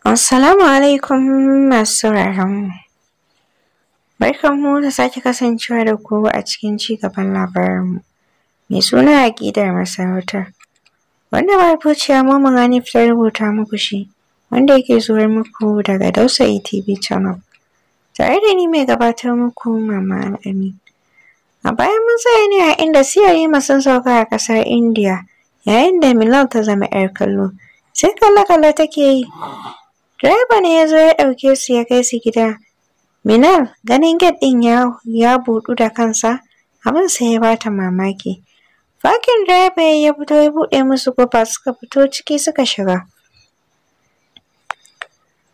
Assalamu alaikum masu Barkan Barkanmu da sake kasancewa da ku a cikin ci cigaban mu. Mai suna aƙidar masarautar. Wanda ba marubuciya Maman gani fitar rubuta muku shi, wanda yake zuwar muku daga Dausa ETV Channel. Tare da ni mai gabatar muku Mama Al'ami. A bayan mun tsaya ne a inda siyayi sun sauka a ƙasar Indiya, yayin da Milal ta zama 'yar kallo. Sai kalla kalle take yi. Direba ne ya zo ya ɗauke su ya kai su gida. Minal ganin gate ɗin ya, ya buɗu da kansa, abin sai ya bata mamaki. Fakin direba ya fito ya buɗe musu kofa suka fito ciki suka shiga.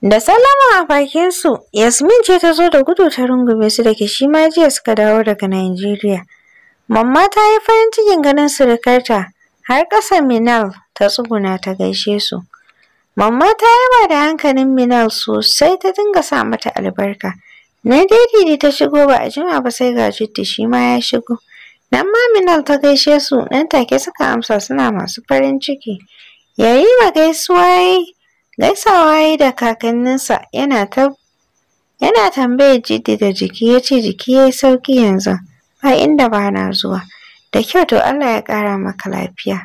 Da salama a bakinsu, Yasmin ce ta zo da gudu ta rungume su da ke shi ma jiya suka dawo daga Najeriya. Mamma ta yi farin cikin ganin surukarta har ƙasa Minal ta tsuguna ta gaishe su. Mamma ta yaba da hankalin Minal sosai ta dinga sa mata albarka. Na daidai ta shigo ba a jima ba sai ga Jiddi shi ma ya shigo. Nan ma Minal ta gaishe su nan take suka amsa suna masu farin ciki. Yayi ma gaisuwa gaisawa yi da kakanninsa yana ta yana tambayar Jiddi da jiki ya ce jiki ya yi sauki yanzu ba inda ba na zuwa. Da kyau to Allah ya ƙara maka lafiya.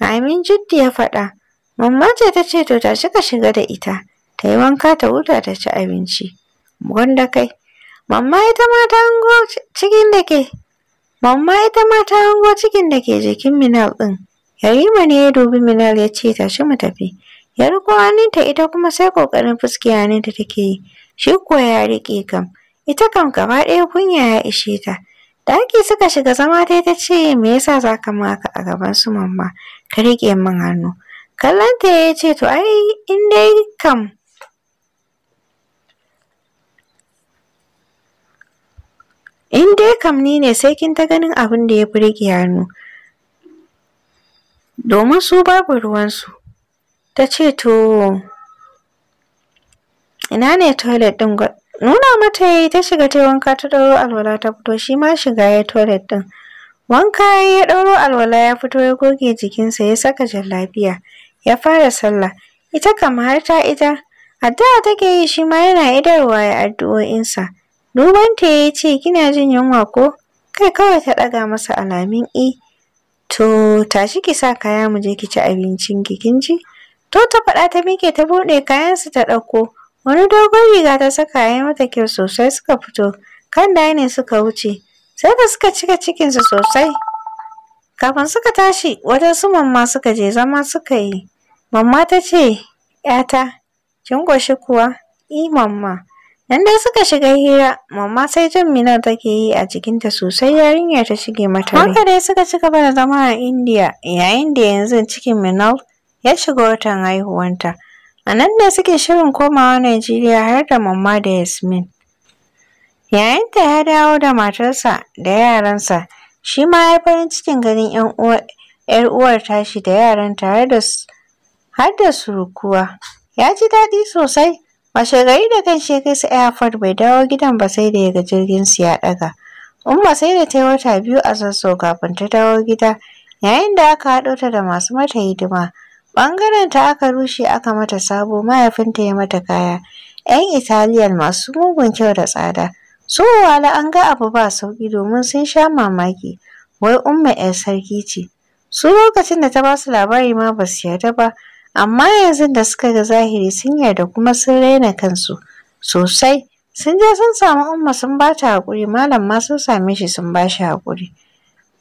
Amin Jiddi ya faɗa. Mamma ce ta ce to tashi ka shiga da ita, ta yi wanka ta huta ta ci abinci. Gwanda kai, mamma ita ma ta hango cikin da ke, mamma ita ma ta hango cikin da ke jikin Minal ɗin. Yarima ne ya dubi Minal ya ce tashi mu tafi. Ya riko hannunta ita kuma sai ƙoƙarin fuske hannunta take yi, shi kuwa ya riƙe kam. Ita kam gaba ɗaya kunya ya ishe ta. Daki suka shiga zama ta ta ce me yasa za ka maka a gaban su mamma, ka riƙe min hannu. kallonta ya ce to ai in dai kam in dai kam ni ne sai kin ta ganin abin da ya burge hannu domin su babu ruwansu ta ce to ina ne toilet ɗin nuna mata yayi ta shiga ta wanka ta ɗauro alwala ta fito shi ma shiga ya toilet ɗin wanka ya ɗauro alwala ya fito ya goge jikinsa ya saka jan lafiya. ya fara sallah ita kam har ta ita addu'a take yi shi ma yana idarwa ya addu'o'insa ta ya ce kina jin yunwa ko kai kawai ta ɗaga masa alamin i to tashi ki sa kaya mu je ki ci abincin ki kin ji to ta faɗa ta mike ta buɗe kayansu ta ɗauko wani dogon riga ta saka ya mata kyau sosai suka fito kan ne suka wuce sai da suka cika cikinsu sosai kafin suka tashi wajen su mamma suka je zama suka yi Mamma ta ce, ‘yata, kin ƙoshi kuwa? I e, mamma. Nan dai suka shiga hira, mamma sai jan minar take yi a jikinta sosai yarinyar ta shige mata rai. dai suka ci gaba da zama a Indiya, yayin da yanzu cikin Minal ya shiga watan haihuwanta. A nan da suke shirin komawa Najeriya har da mamma da Yasmin. Yayin da ya dawo da matarsa da yaransa, shi ma ya farin cikin ganin ‘yan uwar tashi da yaran tare da su. har da surukuwa. Ya ji daɗi sosai. gari da kan shi kai su airport bai dawo gidan ba sai da ya ga jirginsu ya ɗaga. Umma sai da ta yi wata biyu a zazzau kafin ta dawo gida, yayin da aka haɗo ta da masu mata hidima. Ɓangaren ta aka rushe aka mata sabo mahaifinta ya mata kaya. 'Yan Italiyan masu mugun kyau da tsada. Su wala an ga abu ba sauƙi domin sun sha mamaki. Wai Umma 'yar sarki ce. Su lokacin da ta ba su labari ma ba su yarda ba, amma yanzu da suka ga zahiri sun yarda kuma sun raina kansu sosai sun je sun samu umma sun ba ta haƙuri malam ma sun same shi sun ba shi haƙuri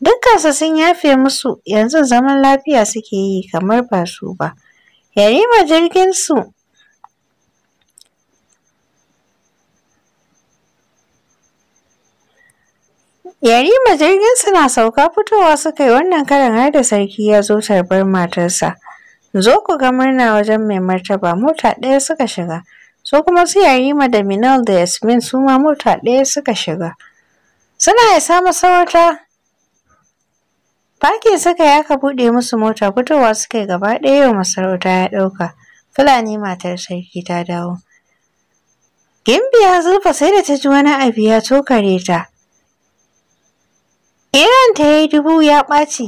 dukkansu sun yafe musu yanzu zaman lafiya suke yi kamar ba su ba yarima jirgin su Yarima jirgin suna sauka fitowa suka yi wannan karin har da sarki ya zo tarbar matarsa. zo ku ga murna wajen mai martaba mota ɗaya suka shiga so kuma su yarima da minal da yasmin su ma mota ɗaya suka shiga suna ya samu masarauta Faki suka yaka ka buɗe musu mota fitowa suka yi gaba ɗaya yau masarauta ya ɗauka. Fulani matar sarki ta dawo. Gimbiya zurfa sai da ta ji wani abu ya tokare ta. Iran ta yi dubu ya ɓaci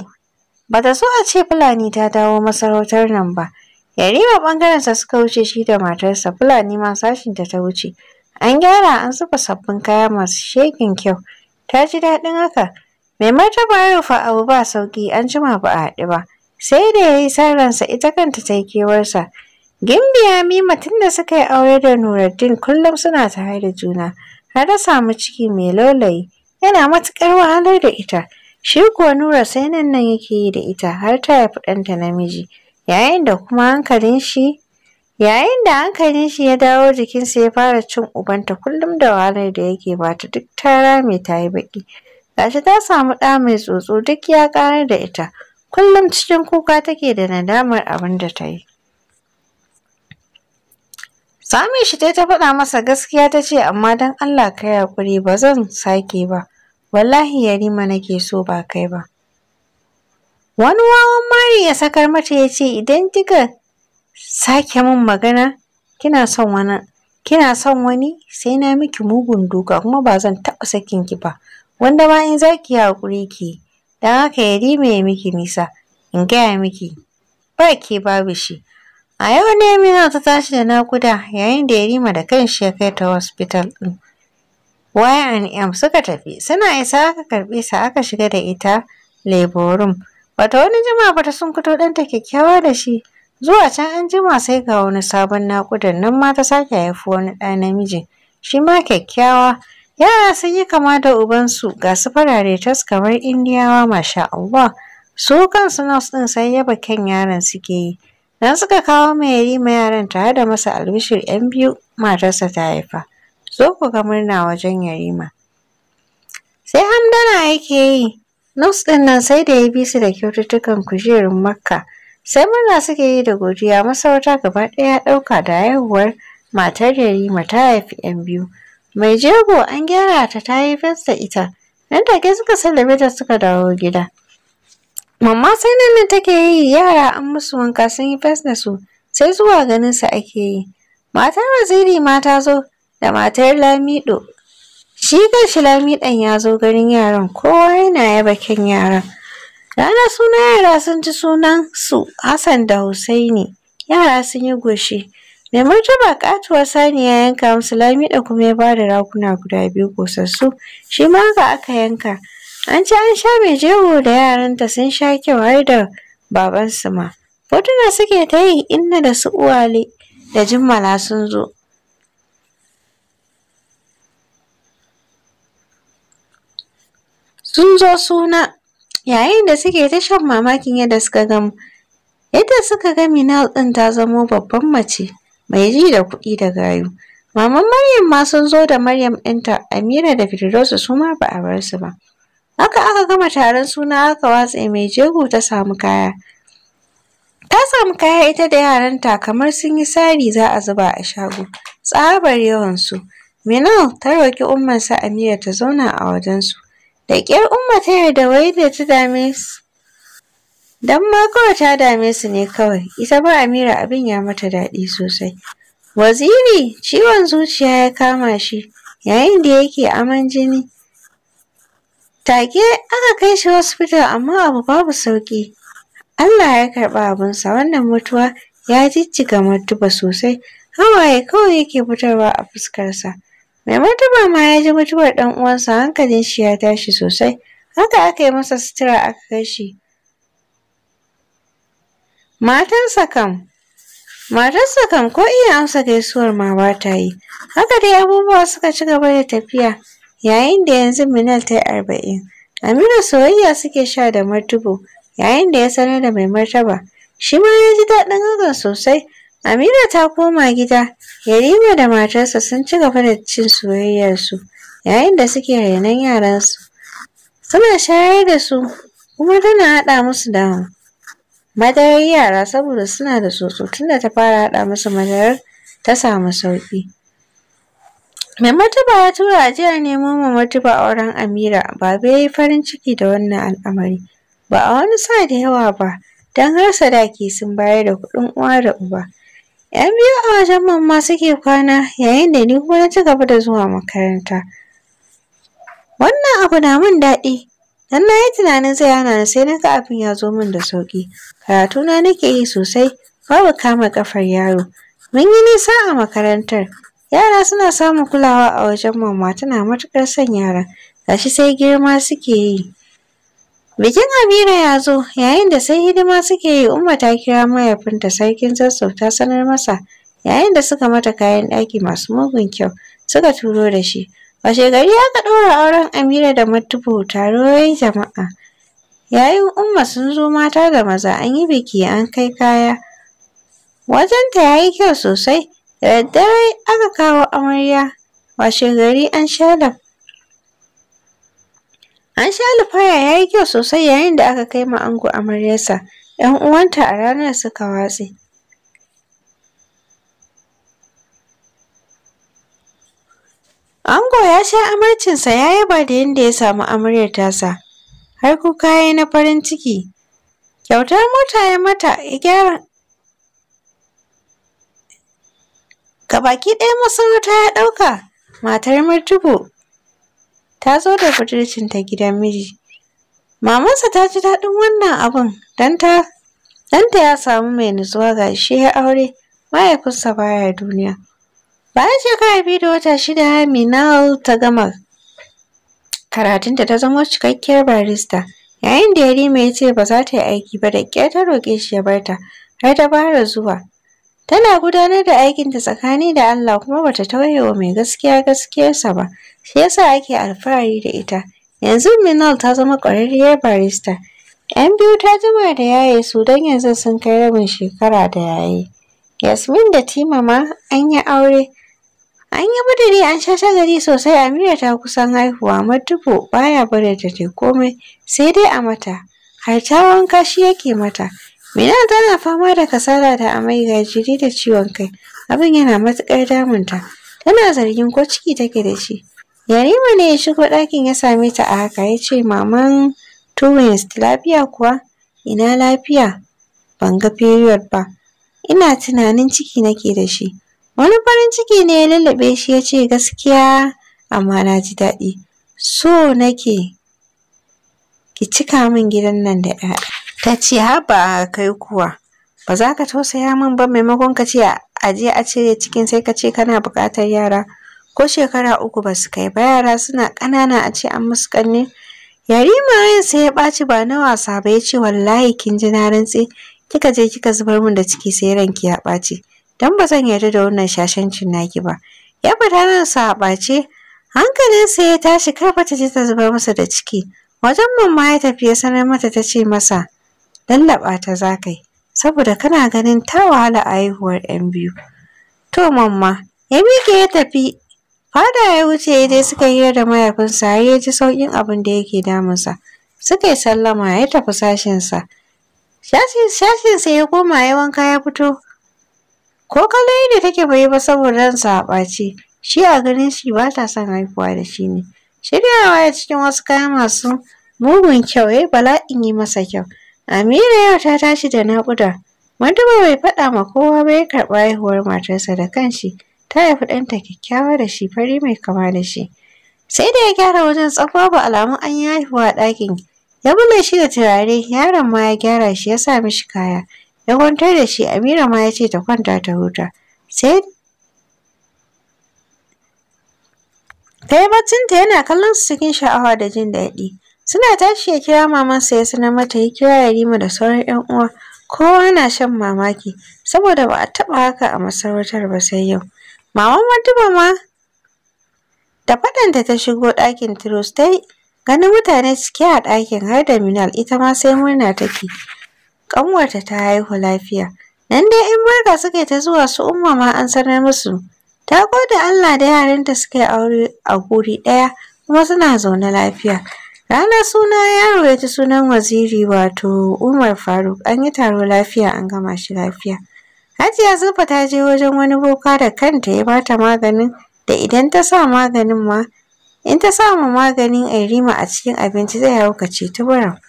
ba ta so a ce Fulani ta dawo masarautar nan ba. Yarima ɓangarensa suka wuce shi da matarsa Fulani ma sashinta ta wuce. An gyara an zuba sabbin kaya masu shekin kyau. Ta ji daɗin haka. Mai martaba ya rufa abu ba sauƙi an jima ba a haɗu ba. Sai da ya yi sarransa ita kanta ta yi kewarsa. Gimbiya Mima tun da suka yi aure da Nuruddin kullum suna tare da juna. Har ta samu ciki mai laulayi. Yana matuƙar wahalar da ita. Shi kuwa Nura sai nan nan yake yi da ita har ta haifi ɗanta namiji, yayin da kuma hankalin shi yayin da hankalin shi ya dawo jikinsa ya fara cin ubanta kullum da wahalar da yake bata duk ta rame ta yi baƙi. Gashi ta samu ɗa mai tsotso duk ya ƙarar da ita, kullum cikin kuka take da nadamar abin da ta yi. Sami shi ta faɗa masa gaskiya ta ce amma don Allah ka hakuri haƙuri ba zan sake ba. wallahi Yarima nake so ba kai ba. Wani wawan mari ya sakar mata ya ce idan kika sake min magana kina son wani kina son wani sai na miki mugun duka kuma ba zan taɓa sakin ki ba wanda ma in za ki yi haƙuri ki dan haka Yarima ya miki nisa in gaya miki ba ke babu shi. A yau ne mina ta tashi da nakuda yayin da Yarima da kanshi ya kai ta hospital ɗin. Waya m suka tafi, suna isa aka karɓi sa aka shiga da ita labor room. Bata wani jima bata sun fito ɗanta kyakkyawa da shi. Zuwa can an jima sai ga wani sabon naƙudan nan ma ta sake haifi wani ɗa namiji Shi ma kyakkyawa. Yara sun yi kama da ubansu ga su farare tas kamar Indiyawa masha Allah. Su kansu nas ɗin sai yaba kyan yaran suke yi. Dan suka kawo mai ma yaran tare da masa albishir 'yan biyu matarsa ta haifa. zo ku ga murna wajen yarima. Sai hamdana yake yi, Nus ɗin nan sai da ya bi su da kyaututtukan kujerun Makka, sai murna suke yi da godiya masarauta gaba ɗaya ɗauka da haihuwar matar yarima ta haifi ‘yan biyu. Mai jego an gyara ta ta yi fensa ita, nan take suka sallame ta suka dawo gida. Mamma sai nan ne take yi yara an musu wanka sun yi fes da su, sai zuwa ganin su ake yi. Mata waziri ma ta zo, da matar Lamido. Shi kanshi lamidan ya zo garin yaran kowa yana yaba kyan yaran. Ranar suna yara sun ji sunan su Hassan da Husaini. Yara sun yi goshi. Mai martaba katuwar ya yanka musu lamiɗa kuma ya ba da rakuna guda biyu kosassu. Shi ma ga aka yanka. An ci an sha mai jego da yaranta sun sha kyau har da babansu ma. Hotuna suke ta yi inna da su uwale da jimmala sun zo. sun zo suna yayin da suke ta shan mamakin yadda suka mu yadda suka ga Minal ɗin ta zamo babban mace mai ji da kuɗi da gayu maman Maryam ma sun zo da Maryam ɗinta Amira da firdaus su ma ba a bar su ba haka aka gama taron suna aka watse mai jego ta samu kaya ta samu kaya ita da yaranta kamar sun yi sari za a zuba a shago tsabar yawansu Minal ta roƙi ummarsa Amira ta zauna a wajensu da ƙyar umma ta yarda wai da ta dame su dan ma kawai ta dame su ne kawai ita ba amira abin ya mata daɗi sosai waziri ciwon zuciya ya kama shi yayin da yake aman jini take aka kai shi hospital amma abu babu sauƙi Allah ya karɓa abinsa wannan mutuwa ya jijjiga martuba sosai hawaye kawai yake fitarwa a fuskarsa mai martaba ma ya ji mutuwar ɗan uwansa hankalin shi ya tashi sosai haka aka yi masa sutura aka kai shi matansa kam matarsa kam ko iya amsa gaisuwar ma ba ta yi haka dai abubuwa suka ci gaba da tafiya yayin da yanzu minal ta yi arba'in amina soyayya suke sha da martubo yayin da ya sanar da mai martaba shi ma ya ji daɗin hakan sosai Amira ta koma gida, Yarima da matarsa sun ci gaba da cin soyayyarsu yayin da suke renon yaransu. Suna shayar da su kuma tana haɗa musu da madarar yara saboda suna da soso tunda ta fara haɗa musu madarar ta samu sauƙi. Mai martaba ya tura a jiya nemo ma martaba auren Amira, Baba ya yi farin ciki da wannan al'amari. Ba a wani sa da yawa ba, don har sadaki sun bayar da kuɗin uwa da uba. ‘Yan biyu a wajen mamma suke kwana yayin da ni kuma na ci gaba da zuwa makaranta. Wannan abu na min daɗi Dan na yi tunanin zai hana ni sai naga ga abin ya zo min da sauƙi. Karatuna nake yi sosai babu kama ƙafar yaro. Mun yi nisa a makarantar. Yara suna samun kulawa a wajen mamma tana matuƙar son yara, gashi sai girma suke yi. Bikin Amira ya zo yayin da sai hidima suke yi Umma ta kira mahaifinta sarkin Zazzau ta sanar masa yayin da suka mata kayan ɗaki masu mugun kyau suka turo da shi. Washe gari aka ɗora auren Amira da Matubu taron jama'a. Yayin Umma sun zo mata da maza an yi biki an kai kaya. Wajenta ya yi kyau sosai da daddare aka kawo amarya washe gari an sha lab. An sha alfaya ya yi kyau sosai yayin da aka kai ma ango amaryarsa. 'Yan uwanta a ranar suka watse. Ango ya sha amarcinsa ya yaba da yadda ya samu amaryar tasa. Har kuka ya na farin ciki. Kyautar mota ya mata ya gyara. Gabaki ɗaya masarauta ya ɗauka. Matar Martubu ta zo da ta gidan miji mamansa ta ji daɗin wannan abun don ta ɗanta ya samu mai nutsuwa ga shi ya aure mahaifinsa baya duniya bayan shekara biyu da wata shida minal ta gama karatunta ta zama cikakkiyar barista yayin da yarima ya ce ba za ta yi aiki ba da ƙyar ta roƙe shi ya bar ta har ta fara zuwa tana gudanar da aikinta tsakani da allah kuma bata tauye wa mai gaskiya gaskiyarsa ba shi yasa ake alfahari da ita yanzu minal ta zama ƙwararriyar barista yan biyu ta jima da yaye su don yanzu sun kai rabin shekara da yaye yasmin da tima ma an yi aure an yi budiri an sha shagari sosai amira ta kusan haihuwa matubu baya bari ta ta komai sai dai a mata har ta wanka shi yake mata minal tana fama da kasala da amai ga jiri da ciwon kai abin yana matuƙar damunta tana zargin ko ciki take da shi Yarima ne ya shigo ɗakin ya same ta a haka ya ce maman Tuwins, lafiya kuwa? Ina lafiya? Ban ga period ba. Ina tunanin ciki nake da shi. Wani farin ciki ne ya lallaɓe shi ya ce gaskiya amma na ji daɗi. So nake ki cika min gidan nan da ‘ya'ya. Ta ce haba kai kuwa ba za ka tausaya min ba maimakon ka ce a je a cire cikin sai ka ce kana buƙatar yara. ko shekara uku ba su kai ba yara suna ƙanana a ce an musu ƙanne yarima sai ya ɓaci ba na wasa ba ya ce wallahi kin ji na rantse kika je kika zubar min da ciki sai ranki ya ɓaci dan ba zan yarda da wannan shashancin naki ba ya fita sa a ɓace hankalinsa ya tashi kar ta je ta zubar masa da ciki wajen mamma ya tafi ya sanar mata ta ce masa lallaɓa ta za ka yi saboda kana ganin ta wahala a haihuwar 'yan biyu to mamma ya miƙe ya tafi Har ya wuce ya dai suka hira da mahaifinsa har ya ji sauƙin abin da yake damunsa. Suka yi sallama ya tafi sashinsa. Sashinsa ya koma ya wanka ya fito. Ko kallon da take bai ba saboda ransa a ɓaci. Shi a ganin shi ba ta son haifuwa da shi ne. Shiryawa ya cikin wasu kaya masu mugun kyau ya bala'in yi masa kyau. Amira yau ta tashi da naƙuda. ba bai faɗa ma kowa ba ya karɓa haihuwar matarsa da kanshi. ta haifi ɗanta kyakkyawa da shi fari mai kama da shi. Sai da ya gyara wajen tsaf ba alamun an yi haihuwa a ɗakin. Ya bulle shi da turare, yaron ma ya gyara shi ya sa mishi kaya. Ya kwantar da shi, Amira ma ya ce ta kwanta ta huta. Sai ta yi baccinta yana kallon su cikin sha'awa da jin daɗi. Suna tashi ya kira mamansa ya sanar mata ya kira Yarima da sauran 'yan uwa. Kowa na shan mamaki saboda ba a taɓa haka a masarautar ba sai yau. Maman Matuba ma da faɗanta ta shigo ɗakin Tiros ta ganin mutane suke a ɗakin har da Minal ita ma sai murna take. Ƙanwarta ta haihu lafiya. Nan dai in barka suke ta zuwa su umma ma an sanar musu. Ta gode Allah da yaranta suke yi aure a guri ɗaya kuma suna zaune lafiya. Rana suna yaro ya ci sunan waziri wato Umar Faruk an yi taro lafiya an gama shi lafiya. Hajiya Zulfa ta je wajen wani boka da kanta ya bata maganin da idan ta sa maganin ma in ta sa ma maganin irima a cikin abinci zai haukace tuburan.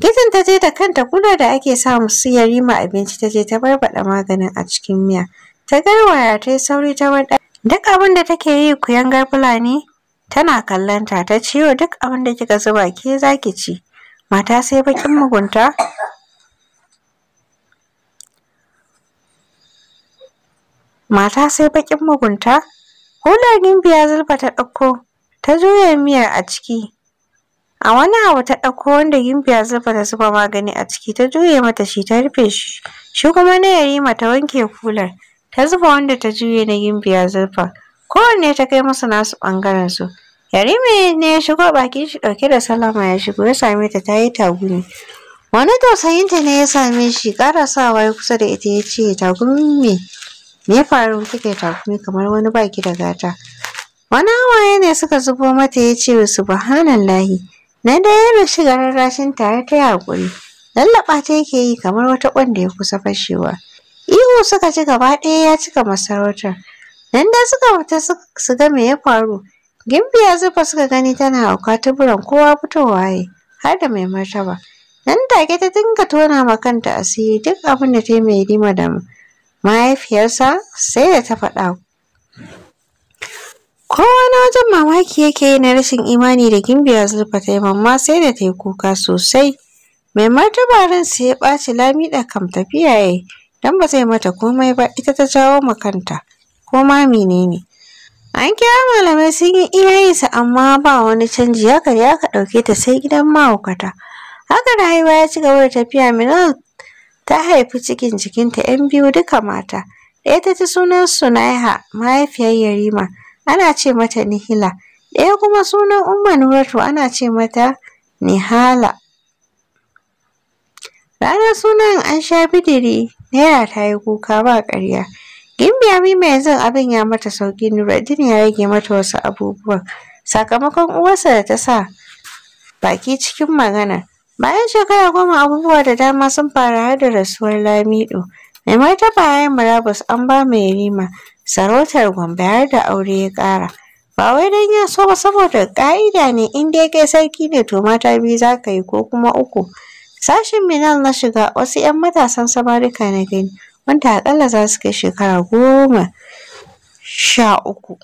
Gidan ta je da kanta kula da ake sa musu yarima abinci ta je ta barbaɗa maganin a cikin miya. Ta garwaya ta yi sauri ta wanda Duk abin da take yi kuyangar Fulani tana kallonta ta ce duk abin da kika zuba ke za ki ci. Mata sai bakin mugunta mata sai bakin mugunta Hula gimbiya zulfa ta ɗauko ta juya miyar a ciki a wani abu ta ɗauko wanda gimbiya zulfa ta zuba magani a ciki ta juya mata shi ta rufe shi shi kuma na yarima ta wanke kular ta zuba wanda ta juya na gimbiya zulfa kowanne ta kai musu nasu ɓangaren su yarima ne ya shigo bakin shi ɗauke da salama ya shigo ya same ta ta yi tagumi wani tausayinta ne ya same shi ƙarasawa ya kusa da ita ya ce tagumi me ya faru kike takumi kamar wani baki da gata wani hawaye ne suka zubo mata ya ce subhanallahi na yana shiga rarrashin tare ta yaƙuri lallaɓa ta yake yi kamar wata ƙwanda ya kusa fashewa ihu suka ci gaba ɗaya ya cika masarautar nan da suka fita su ga me ya faru gimbiya zufa suka gani tana hauka tuburan kowa fitowa ya har da mai martaba nan take ta dinga tona ma kanta asiri duk abin da ta yi mai rima da mu mahaifiyarsa sai da ta faɗa kowa na wajen mamaki yake yi na rashin imani da gimbiya zurfa ta yi mamma sai da ta yi kuka sosai mai martaba ransa ya ɓaci lami da kam tafiya ya yi don ba zai mata komai ba ita ta jawo ma kanta ko ma menene an kira malamai sun yi iyayensa amma ba wani canji haka da aka ɗauke ta sai gidan mahaukata haka rayuwa ya ci gaba da tafiya minal ta haifi cikin jikinta 'yan biyu duka mata. Ɗaya ta ci sunan Sunaiha mahaifiyar Yarima ana ce mata Nihila. Ɗaya kuma sunan Umma Nuratu ana ce mata Nihala. Ranar sunan an sha bidiri Naira ta yi kuka ba ƙarya. Gimbiya Mima yanzu abin ya mata sauƙi Nuruddin ya rage mata wasu abubuwan. Sakamakon uwarsa da ta sa baki cikin magana. Bayan shekara goma abubuwa da dama sun faru har da rasuwar Lamido. Mai martaba yayin murabus an ba mai rima sarautar Gombe har da aure ya ƙara. Ba wai don ya so ba saboda ƙa'ida ne in dai kai sarki ne to mata biyu za ka yi ko kuma uku. Sashen Minal na shiga wasu 'yan matasan samarika na gani wanda aƙalla za su kai shekara goma sha uku.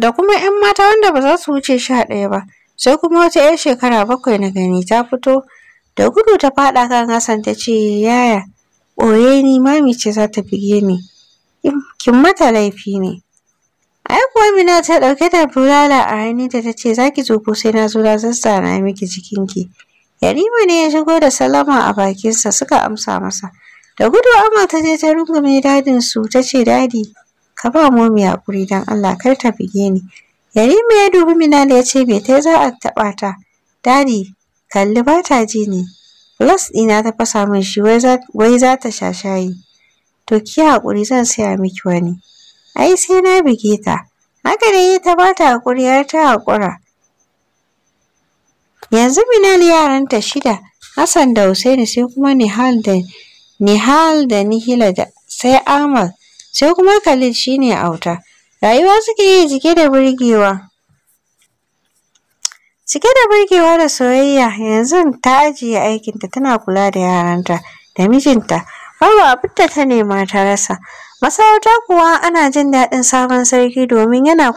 Da kuma 'yan mata wanda ba za su wuce sha ɗaya ba. sai kuma wata 'yar shekara bakwai na gani ta fito da gudu ta faɗa kan Hassan ta ce yaya ɓoye ni mami ce za ta bige ni kin mata laifi ne ai kuwa Mina ta ɗauke da bulala a hannun ta ce za ki zo ko sai na zo na zazzana miki jikinki Yarima ne ya shigo da salama a bakinsa suka amsa masa da gudu amma ta je ta rungume dadin su ta ce dadi ka ba momi hakuri dan Allah kar ta bige ni Yarima ya dubi Minal ya ce me ta za a taɓa ta? Dadi, kalli ba ta ji ne. Plus ɗina ta fasa min shi wai za ta sha shayi. To ki haƙuri zan saya miki wani. Ai sai na bige ta. Haka dai ta ba ta haƙuri har ta haƙura. Yanzu Minal yaranta shida, Hassan da Hussaini sai kuma Nihal da Nihal da Nihila da sai Amal sai kuma Khalid shine auta. rayuwa suke yi cike da burgewa cike da burgewa da soyayya yanzu ta ajiye aikinta tana kula da yaranta da mijinta babu abin da ta nema ta rasa masarauta kuwa ana jin daɗin sabon sarki domin yana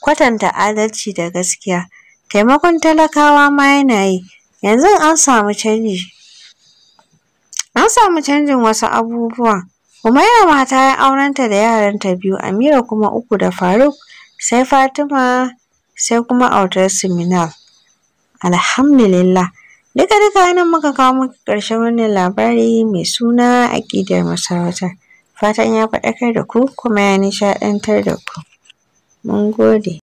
kwatanta adalci da gaskiya taimakon talakawa ma yana yi yanzu an samu canji an samu canjin wasu abubuwa Humaira ma ta yi aurenta da yaranta biyu, Amira kuma uku da Faruk, sai Fatima, sai kuma autar Siminal. Alhamdulillah. Duka duka nan muka kawo muku ƙarshen wannan labari mai suna aƙidar masarauta. Fatan ya faɗakar da ku kuma ya nishaɗantar da ku. Mun gode.